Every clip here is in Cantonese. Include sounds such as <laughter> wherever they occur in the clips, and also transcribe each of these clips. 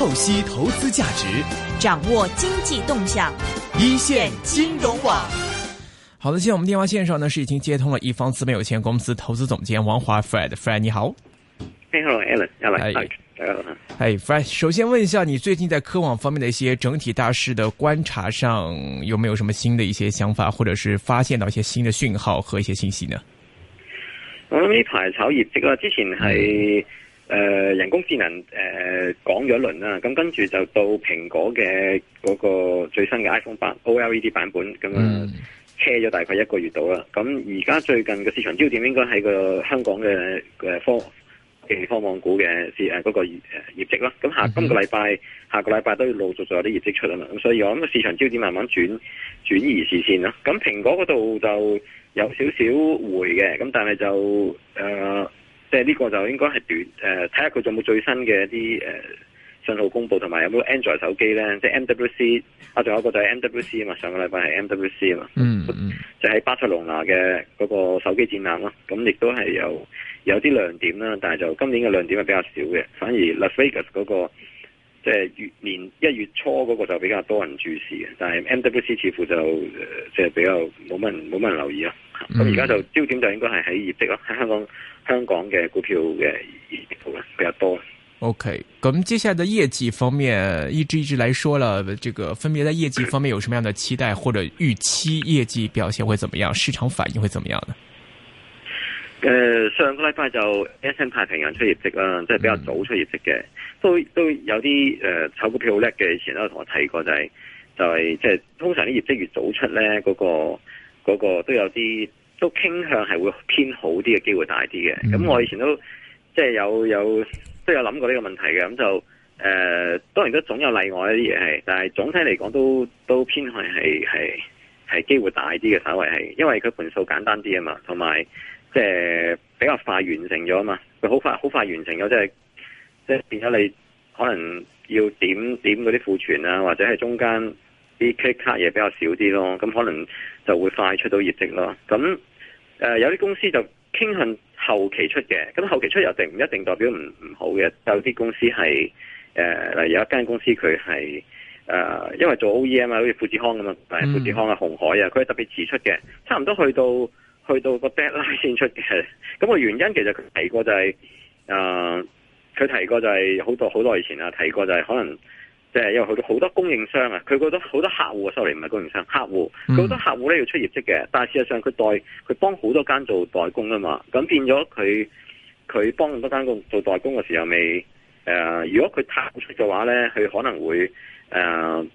透析投資價值，掌握經濟動向，一線金融網。好的，現在我們電話線上呢是已經接通了一方資本有限公司投資總監王華 （Fred）。Fred，你好。Hey, hello, Alan, Alan, Hi, Hello. 哎，Fred，首先問一下，你最近在科網方面的一些整體大事的觀察上，有沒有什麼新的一些想法，或者是發現到一些新的訊號和一些信息呢？我、hey, 們、hey. hey, 呢排炒業績啊，之前係。嗯誒、呃，人工智能誒講咗一輪啦、啊，咁跟住就到蘋果嘅嗰個最新嘅 iPhone 八 OLED 版本咁啊，車、嗯、咗、嗯、大概一個月到啦。咁而家最近嘅市場焦點應該係個香港嘅誒科嘅科網股嘅是誒嗰個誒業績啦。咁、呃、下今個禮拜、嗯、下個禮拜都要陸續再有啲業績出啦。咁、嗯、所以我諗市場焦點慢慢轉轉移視線咯。咁、嗯、蘋果嗰度就有少少回嘅，咁、嗯、但係就誒。呃即係呢個就應該係短誒，睇下佢仲有冇最新嘅一啲誒、呃、信號公佈，同埋有冇 Android 手機咧？即係 MWC 啊，仲有一個就係 MWC 啊嘛。上個禮拜係 MWC 啊嘛。嗯，嗯就喺、是、巴塞隆拿嘅嗰個手機展覽啦、啊。咁、嗯、亦、嗯、都係有有啲亮點啦、啊，但係就今年嘅亮點係比較少嘅。反而 Las Vegas 嗰、那個即係、就是、月年一月初嗰個就比較多人注視嘅、啊。但係 MWC 似乎就即係、呃、比較冇乜人冇乜人留意咯、啊。咁而家就焦點就應該係喺業績咯、啊，喺香港。香港嘅股票嘅業績比較多。OK，咁接下來嘅業績方面，一隻一隻嚟說啦，這個分別在業績方面有什麼樣嘅期待或者預期？業績表現會怎麼樣？市場反應會怎麼樣呢？誒、呃，上個禮拜就 SM 太平洋出業績啦，即、嗯、係、就是、比較早出業績嘅，都都有啲誒炒股票好叻嘅，以前都同我提過、就是，就係、是、就係即係通常啲業績越早出咧，嗰、那個嗰、那個都有啲。都傾向係會偏好啲嘅機會大啲嘅，咁我以前都即係、就是、有有都有諗過呢個問題嘅，咁就誒、呃、當然都總有例外一啲嘢係，但係總體嚟講都都偏向係係係機會大啲嘅，稍為係因為佢盤數簡單啲啊嘛，同埋即係比較快完成咗啊嘛，佢好快好快完成咗，即係即係變咗你可能要點點嗰啲庫存啊，或者係中間啲 cake 卡嘢比較少啲咯，咁可能就會快出到業績咯，咁。誒、呃、有啲公司就傾向後期出嘅，咁後期出又定唔一定代表唔唔好嘅。有啲公司係誒、呃，有一間公司佢係誒，因為做 OEM 啊，好似富士康咁嘛。但、嗯、富士康啊、鴻海啊，佢係特別遲出嘅，差唔多去到去到個 deadline 先出嘅。咁、那個原因其實佢提過就係、是、誒，佢、呃、提過就係好多好耐以前啊提過就係可能。即係因為好多好多供應商啊，佢覺得好多客戶啊收嚟，唔係供應商，客戶佢好多客戶咧要出業績嘅，但係事實上佢代佢幫好多間做代工啊嘛，咁變咗佢佢幫咁多間做代工嘅時候未誒、呃，如果佢探出嘅話咧，佢可能會誒、呃、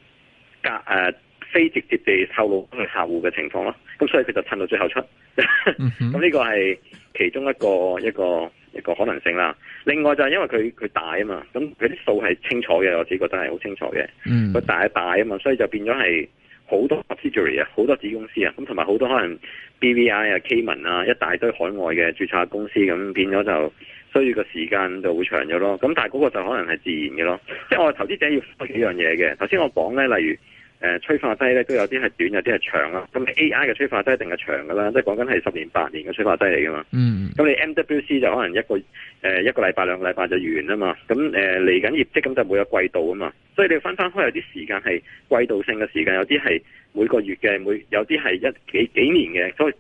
隔誒。呃非直接地透露客戶嘅情況咯，咁、okay. 所以佢就撐到最後出，咁 <laughs> 呢個係其中一個一個一個可能性啦。另外就係因為佢佢大啊嘛，咁佢啲數係清楚嘅，我自己覺得係好清楚嘅。佢、mm -hmm. 大一大啊嘛，所以就變咗係好多 subsidiary 啊，好多子公司啊，咁同埋好多可能 B V I 啊、K 文啊，一大堆海外嘅註冊公司，咁變咗就需要個時間就會長咗咯。咁但係嗰個就可能係自然嘅咯，即係我投資者要幾樣嘢嘅。頭、okay. 先我講咧，例如。誒，催化劑咧都有啲係短，有啲係長啦。咁 A.I. 嘅催化劑一定係長噶啦，即係講緊係十年八年嘅催化劑嚟噶嘛。嗯。咁你 M.W.C. 就可能一個，誒、呃、一個禮拜兩個禮拜就完啦嘛。咁誒嚟緊業績咁就每個季度啊嘛。所以你要分翻開有啲時間係季度性嘅時間，有啲係每個月嘅每，有啲係一幾，幾年嘅，所以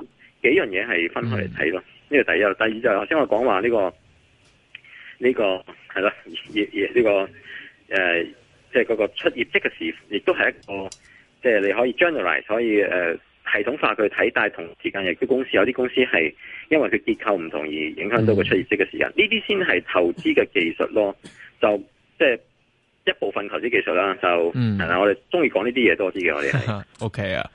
幾樣嘢係分開嚟睇咯。呢、嗯、個第一，第二就係頭先我講話呢個，呢、這個係啦呢個、呃即係嗰個出業績嘅時，亦都係一個即係你可以 generalize，所以誒、呃、系統化去睇，但係同時間亦都公司有啲公司係因為佢結構唔同而影響到個出業績嘅時間。呢啲先係投資嘅技術咯，就即係一部分投資技術啦。就係啦、嗯，我哋中意講呢啲嘢多啲嘅，我哋係。O K 啊，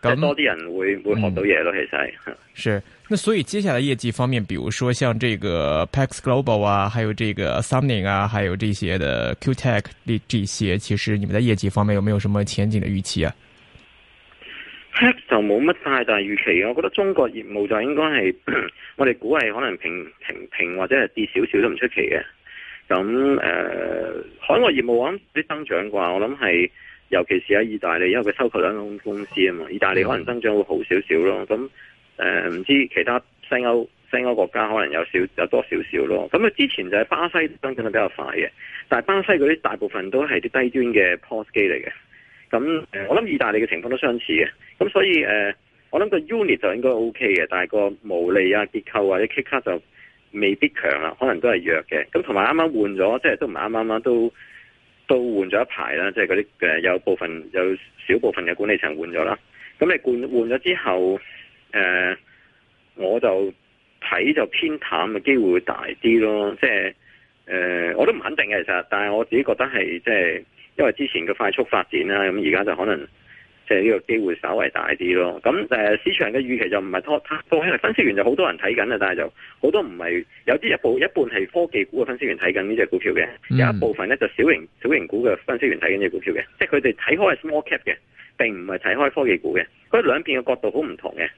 咁多啲人會會學到嘢咯、嗯，其實係。Sure. 那所以接下來的業績方面，比如說像這個 Pax Global 啊，還有這個 Summing 啊，還有這些的 Q-Tech 這這些，其實你們在業績方面有沒有什麼前景的預期啊？h e 就冇乜太大預期嘅，我覺得中國業務就應該係我哋估係可能平平平，平或者係跌少少都唔出奇嘅。咁誒，海外業務我諗啲增長啩，我諗係尤其是喺意大利，因為佢收購兩間公司啊嘛，意大利可能增長會好少少咯。咁。誒、呃、唔知其他西歐西歐國家可能有少有多少少咯，咁啊之前就係巴西增長得比較快嘅，但係巴西嗰啲大部分都係啲低端嘅 POS 機嚟嘅，咁我諗意大利嘅情況都相似嘅，咁所以誒、呃、我諗個 unit 就應該 OK 嘅，但係個毛利啊結構或者 K 卡就未必強啦，可能都係弱嘅，咁同埋啱啱換咗，即、就、係、是、都唔係啱啱啱都都換咗一排啦，即係嗰啲誒有部分有少部分嘅管理層換咗啦，咁你換換咗之後。誒、呃，我就睇就偏淡嘅機會大啲咯，即係誒、呃，我都唔肯定嘅其實，但係我自己覺得係即係，因為之前嘅快速發展啦，咁而家就可能即係呢、呢個機會稍為大啲咯。咁誒、呃，市場嘅預期就唔係拖沓，因、啊、為分析員就好多人睇緊啊，但係就好多唔係，有啲一部一半係科技股嘅分析員睇緊呢隻股票嘅、嗯，有一部分咧就是、小型小型股嘅分析員睇緊呢隻股票嘅，即係佢哋睇開係 small cap 嘅，並唔係睇開科技股嘅，佢兩邊嘅角度好唔同嘅。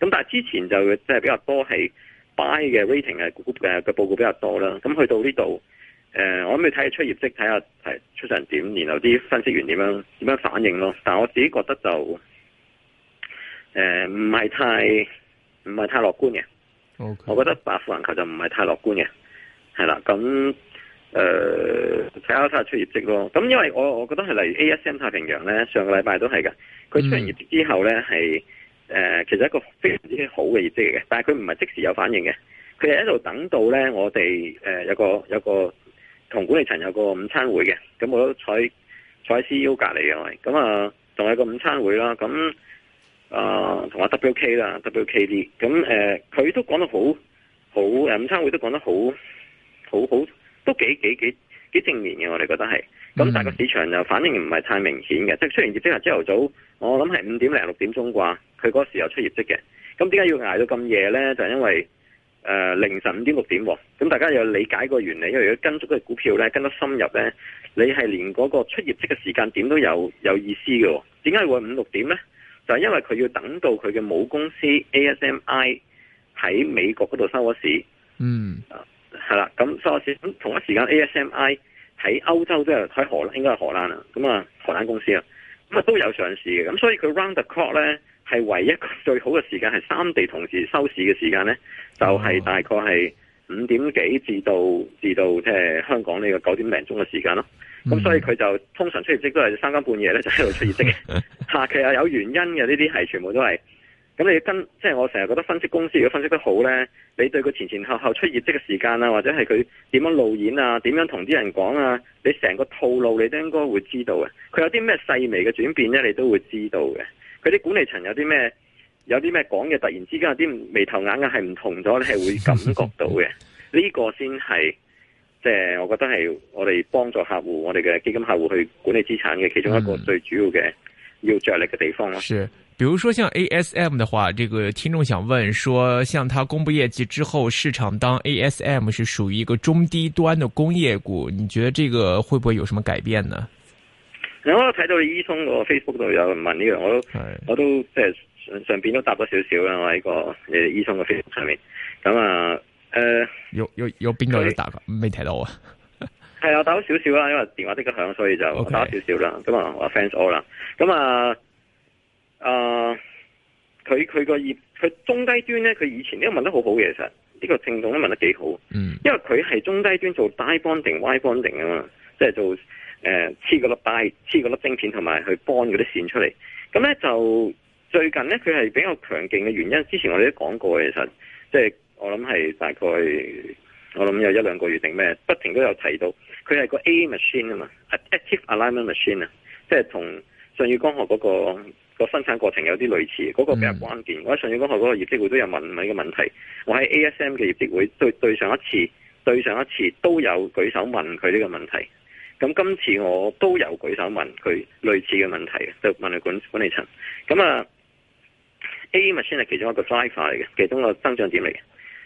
咁但係之前就即係比較多係 buy 嘅 rating 嘅嘅報告比較多啦。咁去到呢度，誒、呃，我諗你睇下出業績，睇下出成點，然後啲分析員點樣點樣反應咯。但係我自己覺得就誒唔係太唔係太樂觀嘅。O、okay. K，我覺得百富銀購就唔係太樂觀嘅，係啦。咁誒睇下睇下出業績咯。咁因為我我覺得係嚟 A S M 太平洋咧，上個禮拜都係嘅。佢出完業績之後咧係。嗯誒、呃，其實一個非常之好嘅業績嚟嘅，但係佢唔係即時有反應嘅，佢係喺度等到咧，我哋誒、呃、有個有個同管理層有個午餐會嘅，咁我都坐喺坐喺 CU 隔籬嘅，咁啊，仲、呃、有一個午餐會啦，咁啊同阿 WK 啦 WK 啲。咁誒佢都講得好好，誒、呃、午餐會都講得好好好，都幾幾幾幾正面嘅，我哋覺得係。咁、嗯、但係個市場就反應唔係太明顯嘅，即、就、係、是、出完業績係朝頭早，我諗係五點零六點鐘啩，佢嗰時候出業績嘅。咁點解要捱到咁夜咧？就是、因為誒、呃、凌晨五點六點，咁大家要理解個原理。因為如果跟足個股票咧，跟得深入咧，你係連嗰個出業績嘅時間點都有有意思嘅。5 6點解會五六點咧？就係、是、因為佢要等到佢嘅母公司 ASMI 喺美國嗰度收咗市。嗯。係係啦，咁收咗市，咁同一時間 ASMI。喺歐洲即係喺荷，應該係荷蘭啊，咁啊荷蘭公司啊，咁啊都有上市嘅，咁所以佢 round the clock 咧，係唯一最好嘅時間係三地同時收市嘅時間咧，就係大概係五點幾至到至到即係香港呢個九點零鐘嘅時間咯。咁所以佢就通常出業績都係三更半夜咧就喺度出業績，嚇， <laughs> 其實有原因嘅，呢啲係全部都係。咁你跟，即係我成日覺得分析公司如果分析得好咧，你對佢前前後後出業績嘅時間啊，或者係佢點樣路演啊，點樣同啲人講啊，你成個套路你都應該會知道嘅。佢有啲咩細微嘅轉變咧，你都會知道嘅。佢啲管理層有啲咩，有啲咩講嘢，突然之間有啲眉頭眼額係唔同咗，你係會感覺到嘅。呢 <laughs> 個先係，即係我覺得係我哋幫助客戶，我哋嘅基金客戶去管理資產嘅其中一個最主要嘅、嗯、要着力嘅地方咯。比如說像 ASM 的話，這個聽眾想問說，像它公布業績之後，市場當 ASM 是屬於一個中低端嘅工業股，你覺得這個會不會有什麼改變呢？有我後睇到醫生個 Facebook 度有人問呢、這、樣、個，我都我都即係上上邊都答咗少少啦、這個嗯呃， <laughs> 我喺個你哋醫生嘅 Facebook 上面。咁啊，誒，有有有邊個有答噶？未睇到啊？係啊，答咗少少啦，因為電話的個響，所以就答少少啦。咁、okay. 啊、嗯，我 fans all 啦。咁、嗯、啊。嗯啊、uh，佢佢個業佢中低端咧，佢以前呢、這個問得好好嘅，其實呢、這個聽眾都問得幾好。嗯、mm.，因為佢係中低端做 die bonding、y bonding 啊嘛，即係做黐個、呃、粒黐個粒晶片同埋去 bond 嗰啲線出嚟。咁咧就最近咧，佢係比較強勁嘅原因。之前我哋都講過嘅，其實即係、就是、我諗係大概我諗有一兩個月定咩，不停都有提到佢係個 A machine 啊嘛，active alignment machine 啊，即係同舜宇光學嗰、那個。個生產過程有啲類似，嗰、那個比較關鍵。我喺舜宇光學嗰個業績會都有問呢個問，問題。我喺 A S M 嘅業績會對，對上一次對上一次都有舉手問佢呢個問題。咁今次我都有舉手問佢類似嘅問題，就問佢管，管理層。咁啊，A Machine 係其中一個飛快化嚟嘅，其中個增長點嚟嘅。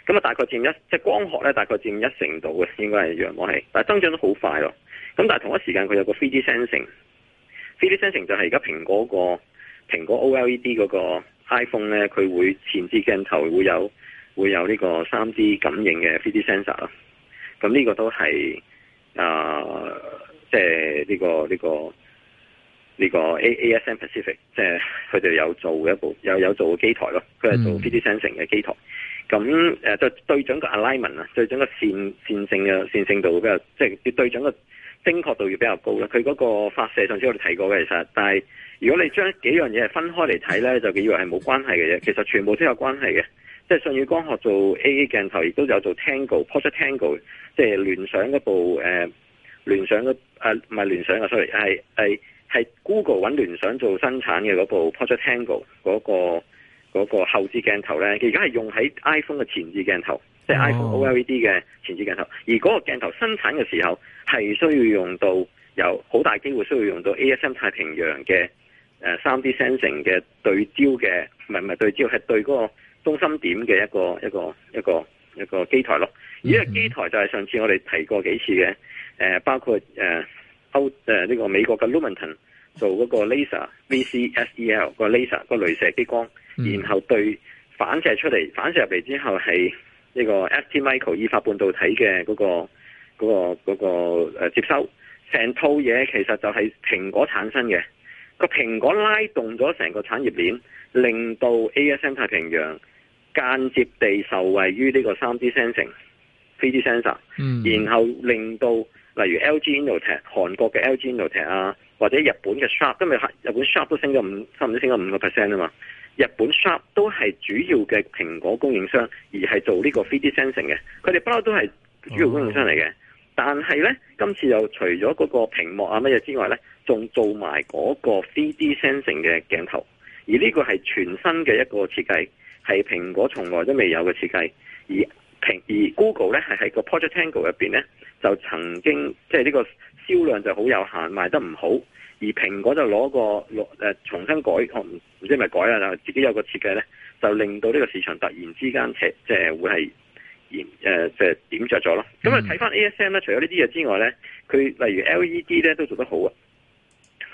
咁啊，大概佔一即係光學呢，大概佔一成度嘅，應該係陽光器，但係增長得好快囉。咁但係同一時間佢有個 three D sensing，three D sensing 就係而家蘋果個。蘋果 OLED 嗰個 iPhone 咧，佢會前置鏡頭會有會有呢個三 D 感應嘅 3D sensor 啦。咁呢個都係啊、呃，即係、這、呢個呢、這個呢、這個、這個、ASM Pacific，即係佢哋有做一部有有做機台咯。佢係做 3D sensing 嘅機台。咁就對準個 alignment 啊，對準個線線性嘅線性度比較即係要對準個，精確度要比較高咧，佢嗰個發射上先我哋睇過嘅，其實。但係如果你將幾樣嘢分開嚟睇呢，就以為係冇關係嘅嘢，其實全部都有關係嘅。即係信宇光學做 AA 鏡頭，亦都有做 Tango，Project Tango，即係聯想嗰部誒、呃、聯想嘅唔係聯想嘅 sorry，係係係 Google 揾聯想做生產嘅嗰部 Project Tango 嗰、那個。嗰、嗰個後置鏡頭咧，而家係用喺 iPhone 嘅前置鏡頭，oh. 即係 iPhone OLED 嘅前置鏡頭。而嗰個鏡頭生產嘅時候，係需要用到，有好大機會需要用到 ASM 太平洋嘅誒三 D sensing 嘅對焦嘅，唔係唔係對焦，係對嗰個中心點嘅一個一個一個一個機台咯。而呢個機台就係上次我哋提過幾次嘅，包括誒歐呢個美國嘅 Lumiton 做嗰個 laser VCSEL 個 laser 個雷射激光。然後對反射出嚟，反射入嚟之後係呢個 S.T.Micro 意法半導體嘅嗰、嗰個嗰、嗰個、嗰個嗰個呃、接收成套嘢其實就係蘋果產生嘅、這個蘋果拉動咗成個產業鏈，令到 A.S.M 太平洋間接地受惠於呢個三 D Sensing 三 D sensor，、嗯、然後令到例如 LG Innotek 韓國嘅 LG Innotek 啊，或者日本嘅 Sharp，因為日本 Sharp 都升咗五差唔多升咗五個 percent 啊嘛。日本 Sharp 都係主要嘅蘋果供應商，而係做呢個 3D sensing 嘅，佢哋不嬲都係主要供應商嚟嘅。但係呢，今次又除咗嗰個屏幕啊乜嘢之外呢，仲做埋嗰個 3D sensing 嘅鏡頭，而呢個係全新嘅一個設計，係蘋果從來都未有嘅設計。而而 Google 呢，係喺個 Project Tango 入邊呢，就曾經即係呢個銷量就好有限，賣得唔好。而蘋果就攞個攞誒、呃、重新改，我唔唔知係咪改啊，但係自己有個設計咧，就令到呢個市場突然之間，即係即係會係即係點着咗咯。咁啊，睇翻 A S M 咧，除咗呢啲嘢之外咧，佢例如 L E D 咧都做得好啊，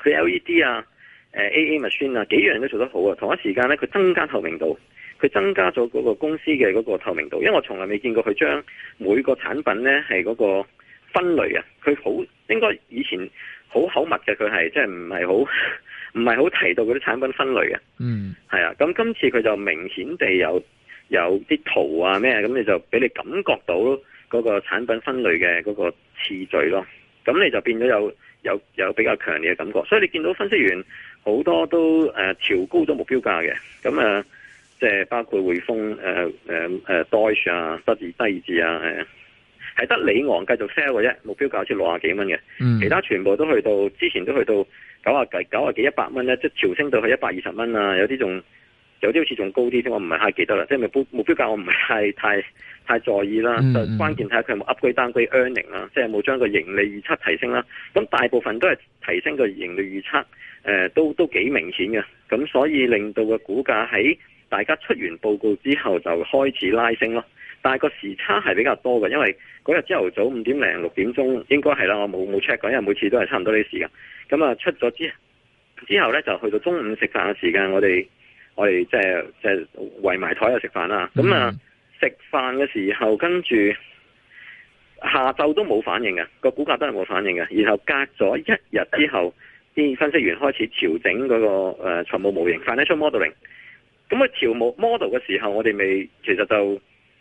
佢 L E D 啊，誒 A A machine 啊，幾樣都做得好啊。同一時間咧，佢增加透明度，佢增加咗嗰個公司嘅嗰個透明度，因為我從來未見過佢將每個產品咧係嗰個分類啊，佢好應該以前。好口密嘅佢係，即係唔係好唔係好提到嗰啲產品分類嘅，嗯，係啊。咁今次佢就明顯地有有啲圖啊咩，咁你就俾你感覺到嗰個產品分類嘅嗰個次序咯。咁你就變咗有有有比較強烈嘅感覺。所以你見到分析員好多都誒調高咗目標價嘅，咁啊，即係包括匯豐誒誒誒 Deutsche 啊、德意志啊，係得李昂繼續 sell 嘅啫，目標價好似六啊幾蚊嘅，其他全部都去到之前都去到九啊幾九啊幾一百蚊咧，即係調升到去一百二十蚊啊，有啲仲有啲好似仲高啲，我唔係太記得啦，即、就、係、是、目標目標價我唔係太太太在意啦、嗯，就關鍵睇下佢有冇 upgrade downgrade earning 啦，即係冇將個盈利預測提升啦，咁大部分都係提升個盈利預測，誒、呃、都都幾明顯嘅，咁所以令到個股價喺大家出完報告之後就開始拉升咯。但係個時差係比較多嘅，因為嗰日朝頭早五點零六點鐘應該係啦，我冇冇 check 過因為每次都係差唔多呢啲時間。咁、嗯、啊出咗之之後呢就去到中午食飯嘅時間，我哋我哋即係即係圍埋台啊食飯啦。咁啊食飯嘅時候，跟住下晝都冇反應嘅，個股價都係冇反應嘅。然後隔咗一日之後，啲分析員開始調整嗰、那個誒財、呃、務模型 （financial modeling）、嗯。咁啊調模 model 嘅時候，我哋未其實就。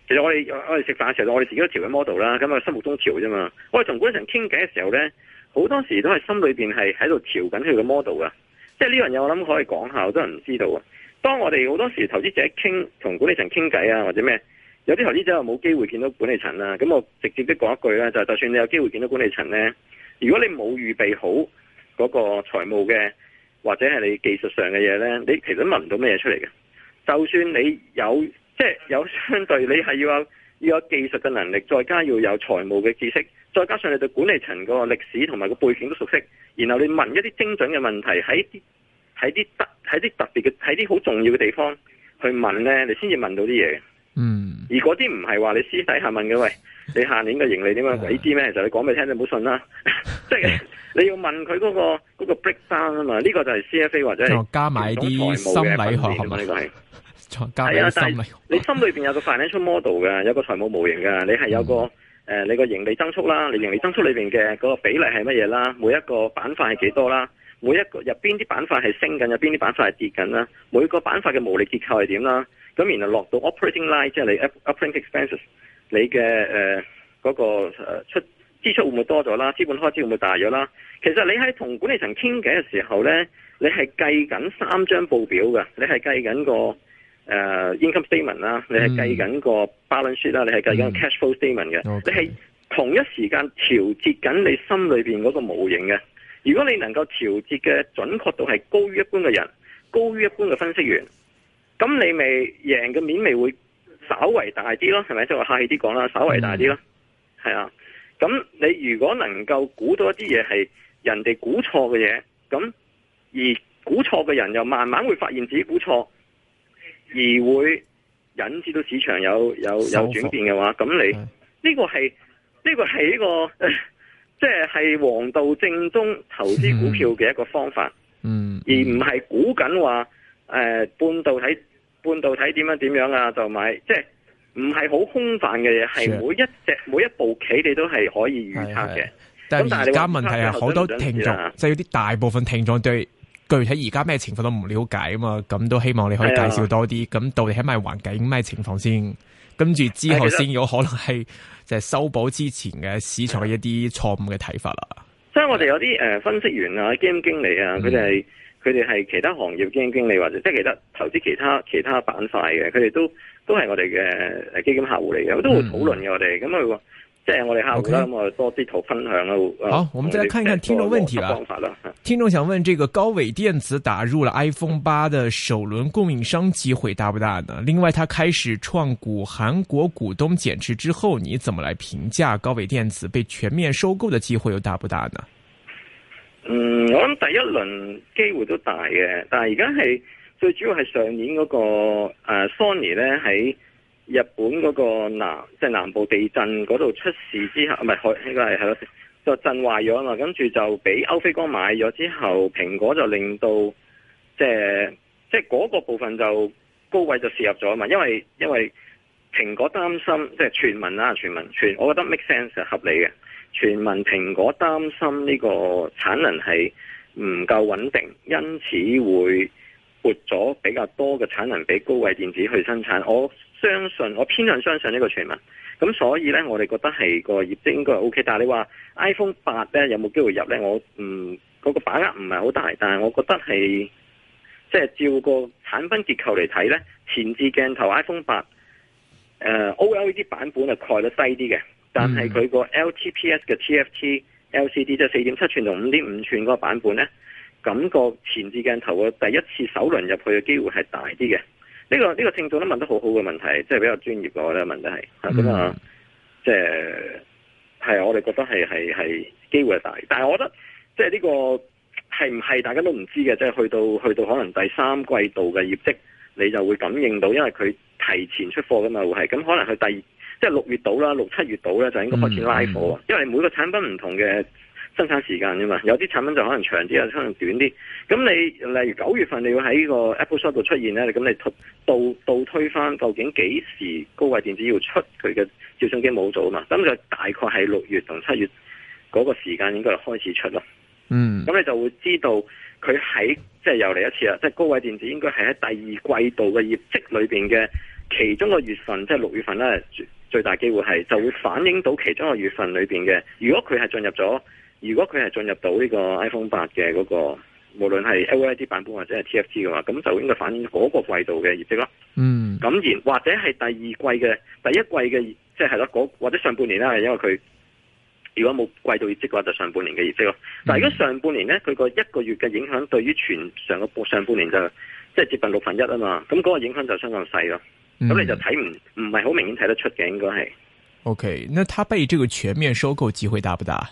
其實我哋我哋食飯嘅時候，我哋自己都調緊 model 啦，咁啊心目中調啫嘛。我哋同管理層傾偈嘅時候咧，好多時都係心裏邊係喺度調緊佢嘅 model 噶。即係呢樣嘢，我諗可以講下，好多人唔知道啊。當我哋好多時投資者傾同管理層傾偈啊，或者咩，有啲投資者又冇機會見到管理層啦。咁我直接啲講一句啦，就就算你有機會見到管理層咧，如果你冇預備好嗰個財務嘅或者係你技術上嘅嘢咧，你其實問唔到咩嘢出嚟嘅。就算你有。即係有相對，你係要有要有技術嘅能力，再加要有財務嘅知識，再加上你對管理層個歷史同埋個背景都熟悉，然後你問一啲精準嘅問題，喺啲喺啲特喺啲特別嘅喺啲好重要嘅地方去問咧，你先至問到啲嘢。嗯，而嗰啲唔係話你私底下問嘅，喂，你下年嘅盈利點樣鬼知咩？其實你講俾聽唔好信啦。 <laughs> <laughs> 即係你要問佢嗰、嗰個、嗰個 breakdown 啊，呢、呢個就係 CFA 或者加埋啲心理學啊嘛呢個係。係啊，但係你心裏邊有個 financial model 嘅， <laughs> 有個財務模型嘅，你係有個誒、嗯呃，你個盈利增速啦，你盈利增速裏邊嘅嗰個比例係乜嘢啦，每一個板塊係幾多啦，每一個入邊啲板塊係升緊，入邊啲板塊係跌緊啦，每個板塊嘅毛利結構係點啦，咁然後落到 operating line 即係你 operating expenses，你嘅誒嗰個誒出支出會唔會多咗啦，資本開支會唔會大咗啦？其實你喺同管理層傾偈嘅時候咧，你係計緊三張報表嘅，你係計緊個。誒、uh,，income statement 啦、嗯，你係計緊個 balance sheet 啦、嗯，你係計緊 cash flow statement 嘅，okay. 你係同一時間調節緊你心裏邊嗰個模型嘅。如果你能夠調節嘅準確度係高於一般嘅人，高於一般嘅分析員，咁你咪贏嘅面咪會稍微大啲咯，係咪？即係我客氣啲講啦，稍微大啲咯，係、嗯、啊。咁你如果能夠估到一啲嘢係人哋估錯嘅嘢，咁而估錯嘅人又慢慢會發現自己估錯。而會引致到市場有有有轉變嘅話，咁你呢個係呢個係一個即係王道正宗投資股票嘅一個方法。嗯，而唔係估緊話誒半導體半導體點樣點樣啊就買，即係唔係好空泛嘅嘢，係每一隻每一步棋你都係可以預測嘅。但係而家問題係好多聽眾，即係有啲大部分聽眾對具體而家咩情況都唔了解啊嘛，咁都希望你可以介紹多啲，咁、啊、到底喺咪環境咩情況先，跟住之後先有可能係即係修補之前嘅市場嘅一啲錯誤嘅睇法啦。即係我哋有啲誒分析員啊、基金經理啊，佢哋係佢哋係其他行業基金經理或者即係其他投資其他其他板塊嘅，佢哋都都係我哋嘅誒基金客戶嚟嘅，他們都會討論嘅、嗯、我哋，咁佢話。即、就、係、是、我哋客戶啦，我、okay. 哋多啲圖分享啦。好，我們再來看一，看聽眾問題啦。聽眾想問，這個高偉電子打入了 iPhone 八的首輪供應商機會大不大呢？另外，他開始創股韓國股東減持之後，你怎麼來評價高偉電子被全面收購的機會又大不大呢？嗯，我諗第一輪機會都大嘅，但係而家係最主要係上年嗰個誒 Sony 咧喺。日本嗰個南即係、就是、南部地震嗰度出事之後，唔係海應該係係咯，就震壞咗嘛，跟住就俾歐菲光買咗之後，蘋果就令到即係即係嗰個部分就高位就涉入咗啊嘛。因為因為蘋果擔心即係、就是、傳聞啦、啊，傳聞。傳，我覺得 make sense 係合理嘅。傳聞蘋果擔心呢個產能係唔夠穩定，因此會，撥咗比較多嘅產能，俾高位電子去生產。我相信，我偏向相信呢個傳聞。咁所以呢，我哋覺得係個業績應該係 OK 但，但係你話 iPhone 八呢有冇機會入呢？我嗯嗰、那個把握唔係好大，但係我覺得係即係照個產品結構嚟睇呢。前置鏡頭 iPhone 八、呃、OLED 版本係蓋得低啲嘅，但係佢個 LTPS 嘅 TFT LCD 即係四點七寸同五點五寸嗰個版本呢。感、那、覺、個、前置鏡頭嘅第一次首輪入去嘅機會係大啲嘅、這個，呢、這個呢個聽眾都問得很好好嘅問題，即係比較專業嘅咧問得係，咁、嗯、啊，即係係我哋覺得係係係機會係大，但係我覺得即係呢、這個係唔係大家都唔知嘅，即、就、係、是、去到去到可能第三季度嘅業績，你就會感應到，因為佢提前出貨㗎嘛會係，咁可能去第即係六月度啦，六七月度咧就應該開始拉貨、嗯嗯，因為每個產品唔同嘅。生產時間啫嘛，有啲產品就可能長啲，又可能短啲。咁你例如九月份你要喺個 Apple Shop 度出現咧，咁你倒倒推返，究竟幾時高偉電子要出佢嘅照相機模組嘛？咁就大概係六月同七月嗰個時間應該就開始出咯。嗯，咁你就會知道佢喺即係又嚟一次啦。即係高偉電子應該係喺第二季度嘅業績裏邊嘅其中個月份，即係六月份咧最大機會係就會反映到其中個月份裏邊嘅。如果佢係進入咗。如果佢係進入到呢個 iPhone 八嘅嗰個，無論係 OLED 版本或者係 T F T 嘅話，咁就應該反映嗰個季度嘅業績咯。嗯，咁然或者係第二季嘅第一季嘅，即係咯嗰或者上半年啦，因為佢如果冇季度業績嘅話，就上半年嘅業績咯。但係如果上半年咧，佢、嗯、個一個月嘅影響對於全上個上半年就即係、就是、接近六分一啊嘛，咁嗰個影響就相當細咯。咁、嗯、你就睇唔唔係好明顯睇得出嘅，應該係。O、okay, K，那他被這個全面收購機會大不大？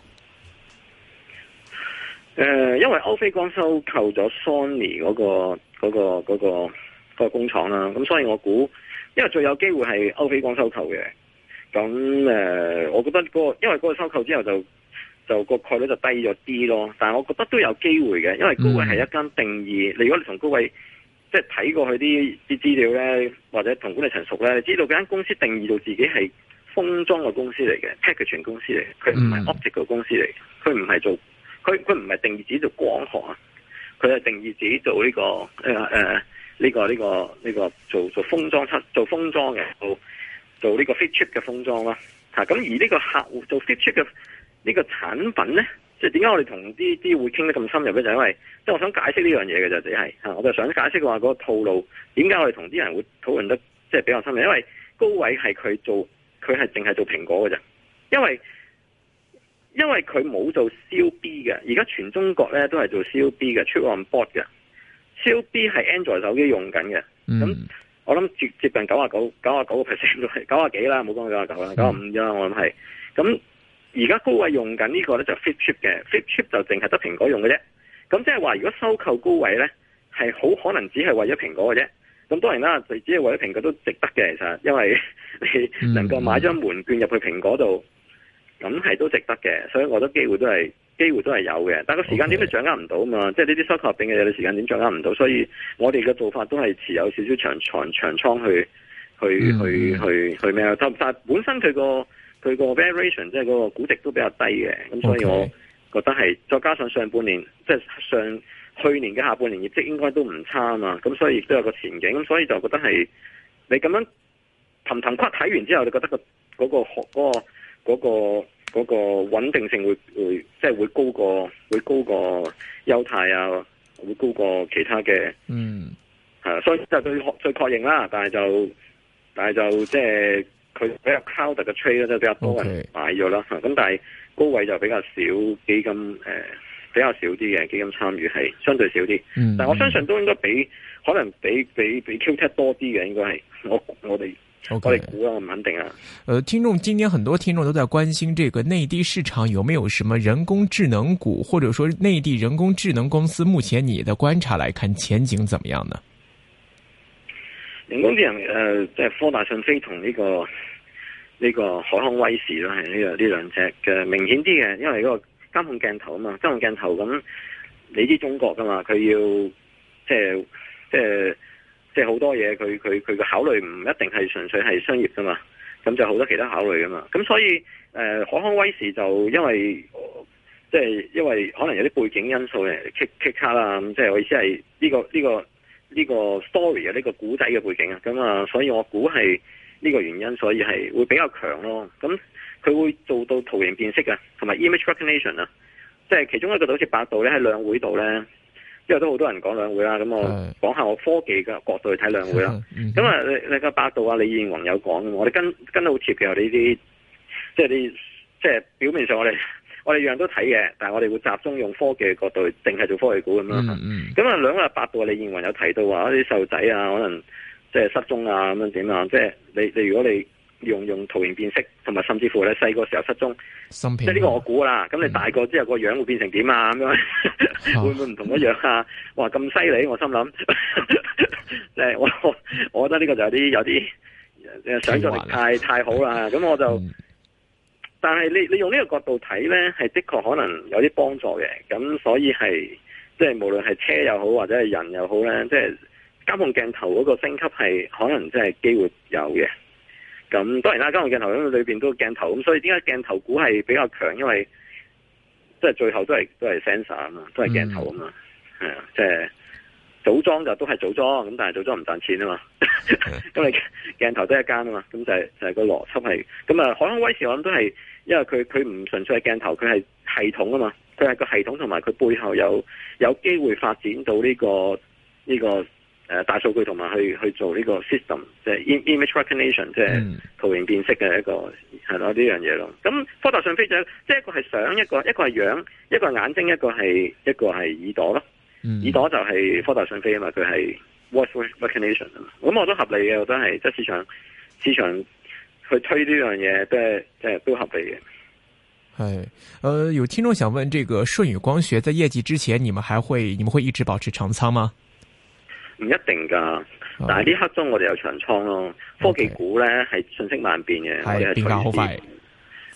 誒、呃，因為歐菲光收購咗 Sony 嗰、嗰個嗰、嗰個嗰個嗰個嗰個工廠啦，咁所以我估，因為最有機會係歐菲光收購嘅，咁誒、呃，我覺得、嗰個、因為嗰個收購之後就就個概率就低咗啲咯，但係我覺得都有機會嘅，因為高偉係一間定義，嗯、你如果你同高偉，即係睇過去啲啲資料咧，或者同管理層熟咧，你知道嗰間公司定義到自己係封裝嘅公司嚟嘅 packaging 全公司嚟，佢唔係 optical 公司嚟，佢唔係做。佢佢唔係定義自己做光學啊，佢係定義自己、這個呃這個這個這個、做呢個誒誒呢個呢個呢個做做封裝出做封裝嘅，做做呢個 flip chip 嘅封裝啦。嚇、啊、咁而呢個客戶做 flip chip 嘅呢個產品咧，即係點解我哋同啲啲會傾得咁深入咧？就是、因為即係我想解釋呢樣嘢嘅就只係嚇，我就想解釋嘅話嗰、那個套路點解我哋同啲人會討論得即係比較深入，因為高偉係佢做佢係淨係做蘋果嘅啫，因為。因為佢冇做 COB 嘅，而家全中國咧都係做 COB 嘅 Chip on Board 嘅。COB 係 Android 手機用緊嘅，咁我諗接接近 99, 99%, 九啊九九啊九個 percent 都係九啊幾啦，冇講、mm. 九啊九啦，九啊五啫，我諗係。咁而家高偉用緊呢個咧就是、Flip Chip 嘅，Flip Chip 就淨係得蘋果用嘅啫。咁即係話如果收購高偉咧，係好可能只係為咗蘋果嘅啫。咁當然啦，就只係為咗蘋果都值得嘅，其實，因為 <laughs> 你能夠買張門券入去蘋果度。Mm. 嗯咁、嗯、係都值得嘅，所以我覺得機會都係機會都係有嘅，但個時間點都掌握唔到嘛，okay. 即係呢啲收購入邊嘅嘢，你時間點掌握唔到，所以我哋嘅做法都係持有少少長長長倉去去、mm -hmm. 去去去咩啊？但本身佢個佢個 valuation 即係嗰個估值都比較低嘅，咁所以我覺得係、okay. 再加上上半年即係上去年嘅下半年業績應該都唔差啊嘛，咁所以亦都有個前景，咁所以就覺得係你咁樣騰騰跨睇完之後，你覺得個、那、嗰個。那個那個嗰、那個嗰、那個穩定性會，會即係會高過會高過優泰啊，會高過其他嘅，嗯、啊，所以就最最確認啦，但係就但係就即係佢比較 cloud 嘅 trade 咧，就比較多人買咗啦，咁、okay. 啊、但係高位就比較少基金、呃，比較少啲嘅基金參與係相對少啲、嗯，但係我相信都應該比可能比比比 QTAC 多啲嘅應該係我我哋。Okay. 我估啊，我唔肯定啊。誒、呃，聽眾，今年很多聽眾都在關心，這個內地市場有沒有什麼人工智能股，或者說內地人工智能公司，目前你的觀察來看前景怎麼樣呢？人工智能誒，即、呃、係、就是、科大訊飛同呢、這個呢、這個海康威視咯，係呢個呢兩隻嘅、呃、明顯啲嘅，因為嗰個監控鏡頭啊嘛，監控鏡頭咁，你知中國噶嘛，佢要即係即係。呃呃呃即係好多嘢，佢佢佢嘅考慮唔一定係純粹係商業噶嘛，咁就好多其他考慮噶嘛。咁所以，誒、呃，海康威視就因為即係、呃就是、因為可能有啲背景因素咧，kick kick 卡啦，咁即係我意思係呢、呢個呢、呢個呢、呢個 story 嘅呢個古仔嘅背景啊。咁啊，所以我估係呢個原因，所以係會比較強咯。咁佢會做到圖形辨識啊，同埋 image recognition 啊，即係其中一個好似百度咧喺兩會度咧。之後都好多人講兩會啦，咁我講下我科技嘅角度去睇兩會啦。咁、嗯、啊、嗯，你你個百度啊，李彥宏有講，我哋跟跟得好貼嘅，有呢啲，即係啲即係表面上我哋我哋樣都睇嘅，但係我哋會集中用科技嘅角度，淨係做科技股咁咯。咁、嗯、啊、嗯，兩個百度啊，李彥宏有提到話啲細路仔啊，可能即係失蹤啊，咁樣點啊，即係你你如果你。用用圖形變色，同埋甚至乎咧細個時候失蹤，即係呢個我估啦。咁你大個之後個樣會變成點啊？咁樣會唔會唔同一樣啊？嗯、 <laughs> 會不會不樣啊哇咁犀利！我心諗，誒 <laughs> 我我，我覺得呢個就有啲有啲想象力太太好啦。咁我就，嗯、但係你你用呢個角度睇咧，係的確可能有啲幫助嘅。咁所以係即係無論係車又好或者係人又好咧，即係監控鏡頭嗰個升級係可能真係機會有嘅。咁當然啦，監控鏡頭咁裏面都鏡頭，咁所以點解鏡頭股係比較強？因為即係最後都係都係 sensor 嘛，都係鏡頭嘛，即、嗯、係、就係、組裝就都係組裝，咁但係組裝唔賺錢啊嘛， <laughs> 嘛、就係就係，因為鏡頭都係一間啊嘛，咁就係個邏輯係，咁啊，海康威視我諗都係，因為佢佢唔純粹係鏡頭，佢係系統啊嘛，佢係個系統同埋佢背後有有機會發展到呢個呢個。呢個誒、呃，大數據同埋去去做呢個 system，即係 image recognition，即係圖形辨識嘅一個係咯呢樣嘢咯。咁科大訊飛就即係一個係相，一個一個係樣，一個係眼睛，一個係一個係耳朵咯。嗯、耳朵就係科大訊飛啊嘛，佢係 voice recognition 啊嘛。咁我都合理嘅，我都係即係市場市場去推呢樣嘢，即係即係都合理嘅。係，誒、呃，有聽眾想問，這個舜宇光學在業績之前，你們還會，你們會一直保持長倉嗎？唔一定噶，但係呢刻中我哋有長倉咯、嗯。科技股咧係瞬息萬變嘅，我哋係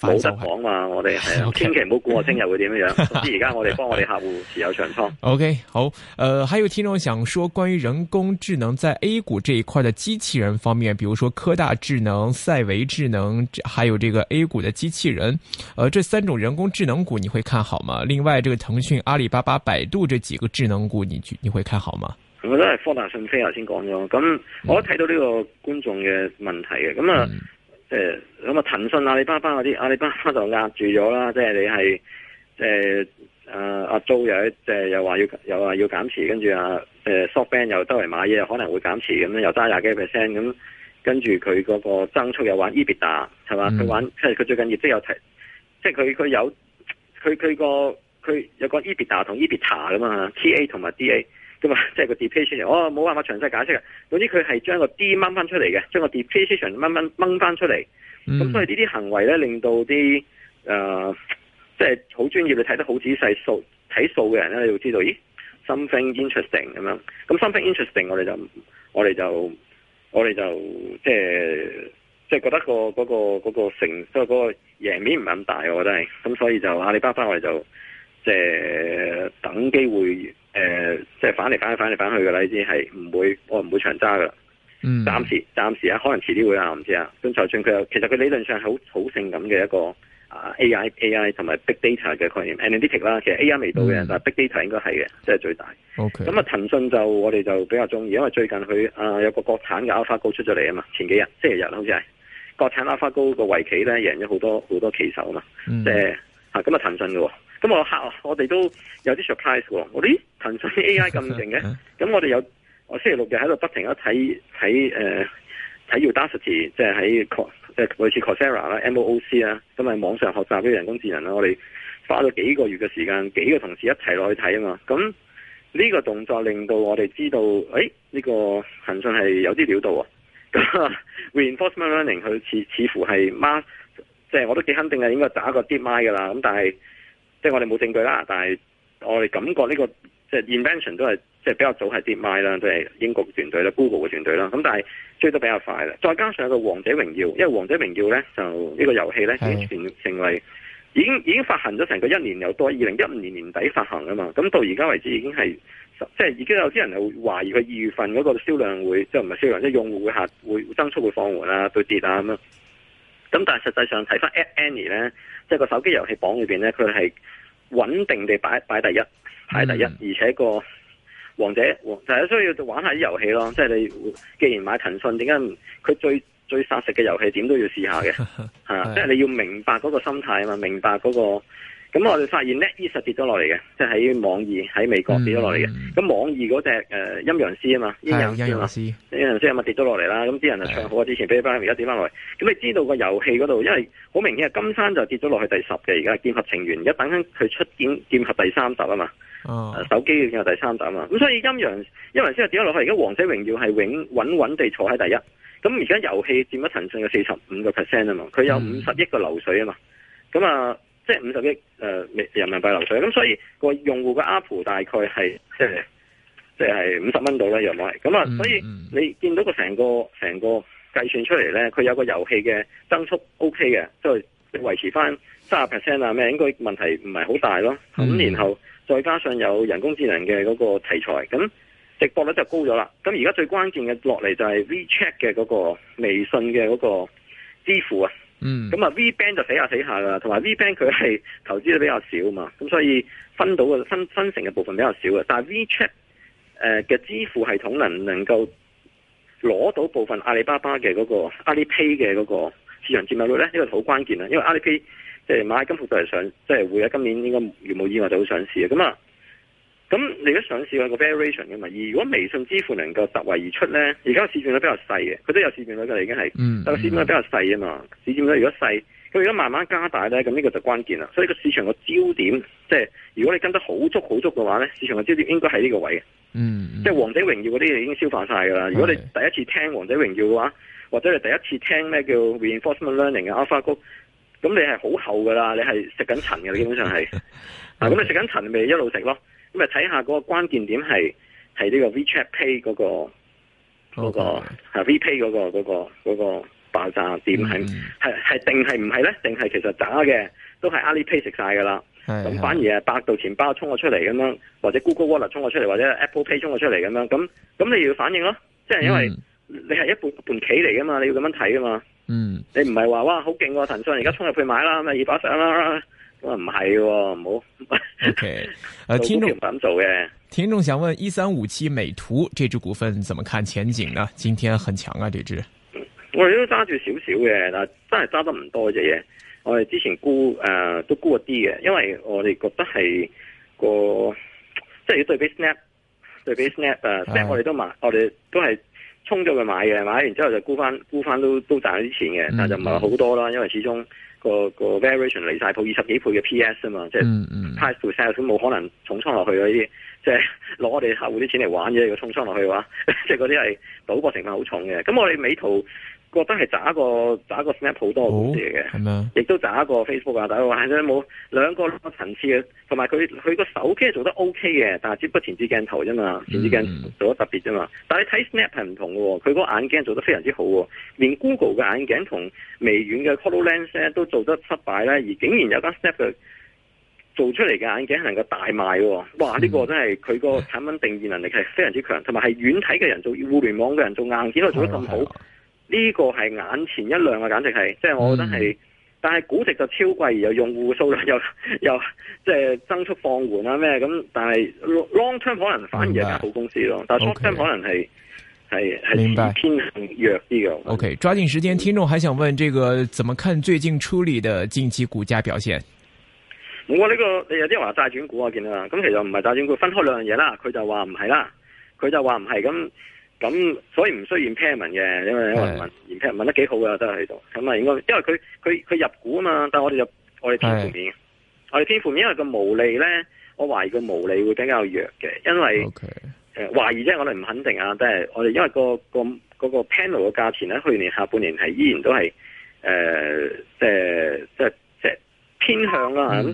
老實講嘛，我哋係、啊 okay. 千祈唔好估我聽日會點樣。唔，而家我哋幫我哋客戶持有長倉。O、okay, K，好。誒、呃，還有聽眾想說，關於人工智能在 A 股這一塊嘅機器人方面，比如說科大智能、賽維智能，還有這個 A 股的機器人，誒、呃，這三種人工智能股你會看好嗎？另外，這個騰訊、阿里巴巴、百度這幾個智能股你，你你會看好嗎？我都係科大訊飛頭先講咗，咁我都睇到呢個觀眾嘅問題嘅，咁、嗯、啊，即咁啊，騰訊、呃嗯、阿里巴巴嗰啲，阿里巴巴就壓住咗啦，即係你係即係阿啊 Joe 又即係、呃、又話要又話要減持，跟住啊，SoftBank 又周圍買嘢，可能會減持咁樣，又揸廿幾 percent，咁跟住佢嗰個增速又玩 EBITDA 係嘛，佢玩即係佢最近業績有提，即係佢佢有佢佢個佢有個 EBITDA 同 EBITDA 噶嘛，TA 同埋 DA。咁 <laughs> 啊、哦，即係個 depreciation，我冇辦法詳細解釋㗎。總之佢係將個 d 掹翻出嚟嘅，將個 depreciation 掹掹掹翻出嚟。咁、嗯、所以呢啲行為咧，令到啲誒即係好專業，你睇得好仔細數睇數嘅人咧，就知道咦 something interesting 咁樣。咁 something interesting 我哋就我哋就我哋就即係即係覺得、嗰個嗰、嗰個嗰、嗰個成即係嗰個贏面唔係咁大，我覺得係。咁所以就阿里巴巴我哋就即係、即係、等機會。誒、呃，即、就、係、是、反嚟反去反嚟反去嘅啦，已經係唔會，我唔會長揸噶啦。嗯，暫時暫時啊，可能遲啲會啊，唔知啊。咁騰訊佢又，其實佢理論上係好好性感嘅一個啊 A I A I 同埋 Big Data 嘅概念，嗯、Analytics 啦。其實 A I 未到嘅，嗯，但係 Big Data 應該係嘅，即、就、係、是、最大。O、okay, K。咁啊，騰訊就我哋就比較中意，因為最近佢啊、呃、有個國產嘅 AlphaGo 出咗嚟啊嘛，前幾日星期日好似係國產 AlphaGo 個圍棋咧贏咗好多好多棋手啊嘛，即係吓咁啊騰訊嘅。呃咁我嚇，我哋都有啲 surprise 喎！我啲騰訊 AI 咁勁嘅，咁我哋有我星期六日喺度不停咁睇睇誒睇 Udacity 即係喺即係類似 Coursera 啦、MOOC 啦，咁咪網上學習啲人工智能啦。我哋花咗幾個月嘅時間，幾個同事一齊落去睇啊嘛！咁呢個動作令到我哋知道，誒呢個騰訊係有啲料到啊！咁 reinforcement learning 佢似似乎係馬，即係我都幾肯定嘅，應該打個 deep mind 噶啦。咁但係，即係我哋冇證據啦，但係我哋感覺呢、這個即係、就是、invention 都係即係比較早係跌賣啦，都係英國團隊啦、Google 嘅團隊啦。咁但係追得比較快啦。再加上有個《王者榮耀》，因為《王者榮耀》呢咧就這個遊戲呢個遊戲咧已經成成為已經已經發行咗成個一年又多，二零一五年年底發行啊嘛。咁到而家為止已經係即係已經有啲人係會懷疑佢二月份嗰個銷量會即係唔係銷量，即係用戶會下會增速會放緩啦，對跌啦。咁但係實際上睇翻 App Annie 咧，即係個手機遊戲榜裏面咧，佢係穩定地擺擺第一，排第一，嗯、而且個王者王就係需要玩下啲遊戲咯。即係你既然買騰訊，點解佢最最殺食嘅遊戲點都要試下嘅？ <laughs> 啊、 <laughs> 即係你要明白嗰個心態啊嘛，明白嗰、嗰個。咁、嗯嗯、我哋發現咧，E 十跌咗落嚟嘅，即係喺網易喺美國跌咗落嚟嘅。咁網易嗰隻誒陰陽師啊嘛，陰陽師嘛陰陽師，啊嘛跌咗落嚟啦。咁啲人就唱好啊，之前飛翻嚟而家跌翻落嚟。咁你知道個遊戲嗰度，因為好明顯啊，金山就跌咗落去第十嘅，而家劍俠情緣而家等緊佢出劍劍俠第三集啊嘛、哦。手機嘅劍俠第三集啊嘛。咁所以陰陽陰陽師啊跌咗落去。而家王者榮耀係永穩穩地坐喺第一。咁而家遊戲佔咗騰訊嘅四十五個 percent 啊嘛。佢有五十億個流水啊嘛。咁、嗯、啊～、嗯即係五十億誒，人民幣流水咁，所以個用戶嘅 UP 大概係即係即係五十蚊到啦，原來咁啊，就是呃 mm -hmm. 所以你見到整個成個成個計算出嚟咧，佢有個遊戲嘅增速 OK 嘅，即係維持翻三十 percent 啊咩，應該問題唔係好大咯。咁、mm -hmm. 然後再加上有人工智能嘅嗰個題材，咁直播率就高咗啦。咁而家最關鍵嘅落嚟就係 WeChat 嘅嗰個微信嘅嗰個支付啊。嗯，咁啊，V Bank 就死下死下啦，同埋 V Bank 佢係投資都比較少啊嘛，咁所以分到嘅分分成嘅部分比較少嘅，但係 WeChat 誒嘅支付系統能唔能夠攞到部分阿里巴巴嘅嗰個阿里 Pay 嘅嗰個市場佔有率咧，呢個好關鍵啊，因為阿里 Pay 即係螞蟻金服就係上，即係會喺今年應該如冇意外就會上市啊，咁啊。咁你而家上市有個 variation 㗎嘛？而如果微信支付能夠突圍而出咧，而家市佔率比較細嘅，佢都有市佔率㗎啦，已經係，但個市佔率比較細啊嘛。市佔率如果細，咁如果慢慢加大咧，咁呢個就關鍵啦。所以個市場個焦點，即係如果你跟得好足好足嘅話咧，市場嘅焦點應該喺呢個位。嗯，嗯即係王者榮耀嗰啲嘢已經消化晒㗎啦。如果你第一次聽王者榮耀嘅話，或者你第一次聽咩叫 reinforcement learning 嘅 AlphaGo，咁你係好厚㗎啦，你係食緊塵嘅，基本上係。嗱，咁你食緊塵，咪一路食咯。咁咪睇下嗰個關鍵點係係呢個 WeChat Pay 嗰、嗰個嗰、okay. 嗰個係 WePay 嗰、嗰個嗰、嗰個嗰、嗰個爆炸點係係、mm -hmm. 定係唔係咧？定係其實渣嘅都係 Alipay 食晒噶啦，咁、mm -hmm. 反而係百度錢包衝咗出嚟咁樣，或者 Google Wallet 衝咗出嚟，或者 Apple Pay 衝咗出嚟咁樣，咁咁你要反應咯，即係因為你係一盤盤棋嚟噶嘛，你要咁樣睇噶嘛，mm -hmm. 你唔係話哇好勁個騰訊而家衝入去買啦，咪、就是、二把聲啦。我唔係，唔好。OK，誒，聽眾想 <laughs> 做嘅，聽眾想問一三五七美圖這支股份怎麼看前景呢？今天很強啊，這支。我哋都揸住少少嘅，但真係揸得唔多隻嘢。我哋之前沽誒、呃、都沽一啲嘅，因為我哋覺得係個即係對比 Snap，對比 Snap 誒 s n 我哋都買，我哋都係衝咗去買嘅，買完之後就沽翻沽翻都都賺咗啲錢嘅，但就唔係好多啦、嗯，因為始終。那個、那個 variation 離曬譜二十幾倍嘅 PS 啊嘛，即係 price to sales 都冇可能重倉落去嗰呢啲，即係攞我哋客戶啲錢嚟玩嘅，如果重倉落去嘅話，即係嗰啲係賭博成分好重嘅。咁我哋美圖。覺得係炸一個炸一個 Snap 好多嘅嘢嘅，亦都炸一個 Facebook 啊，但係咧冇兩個層次嘅。同埋佢佢個手機做得 OK 嘅，但係只不前置鏡頭啫嘛，前置鏡頭做得特別啫嘛。但係你睇 Snap 係唔同喎，佢個眼鏡做得非常之好喎，連 Google 嘅眼鏡同微軟嘅 HoloLens 咧都做得失敗咧，而竟然有間 Snap 嘅做出嚟嘅眼鏡係能夠大賣喎，哇！呢個真係佢個產品定義能力係非常之強，同埋係遠睇嘅人做互聯網嘅人做硬件，都做得咁好。呢、這個係眼前一亮啊，簡直係，即係我覺得係、哦嗯，但係估值就超貴，而又用戶數量又又即係增速放緩啦咩咁，但係 long term 可能反而係間好公司咯，但係 long term okay, 可能係係係偏向弱啲嘅。O、okay, K，抓緊時間，聽眾還想問這個，怎麼看最近處理的近期股價表現？冇啊，呢、這個有啲人話債轉股啊，見到啦，咁其實唔係債轉股，分開兩樣嘢啦，佢就話唔係啦，佢就話唔係咁。咁、 <noise> 嗯、所以唔需要 payment 嘅，因為因為 payment 問得幾好嘅係喺度，咁啊應該，因為佢佢佢入股啊嘛，但係我哋就我哋偏負面，我哋偏負面，因為個毛利咧，我懷疑個毛利會比較弱嘅，因為誒懷、okay 呃、疑啫，我哋唔肯定啊，即係我哋因為、個個、嗰個 panel 嘅價錢咧，去年下半年係依然都係誒即係即係即係偏向啦，咁但係。Mm. 嗯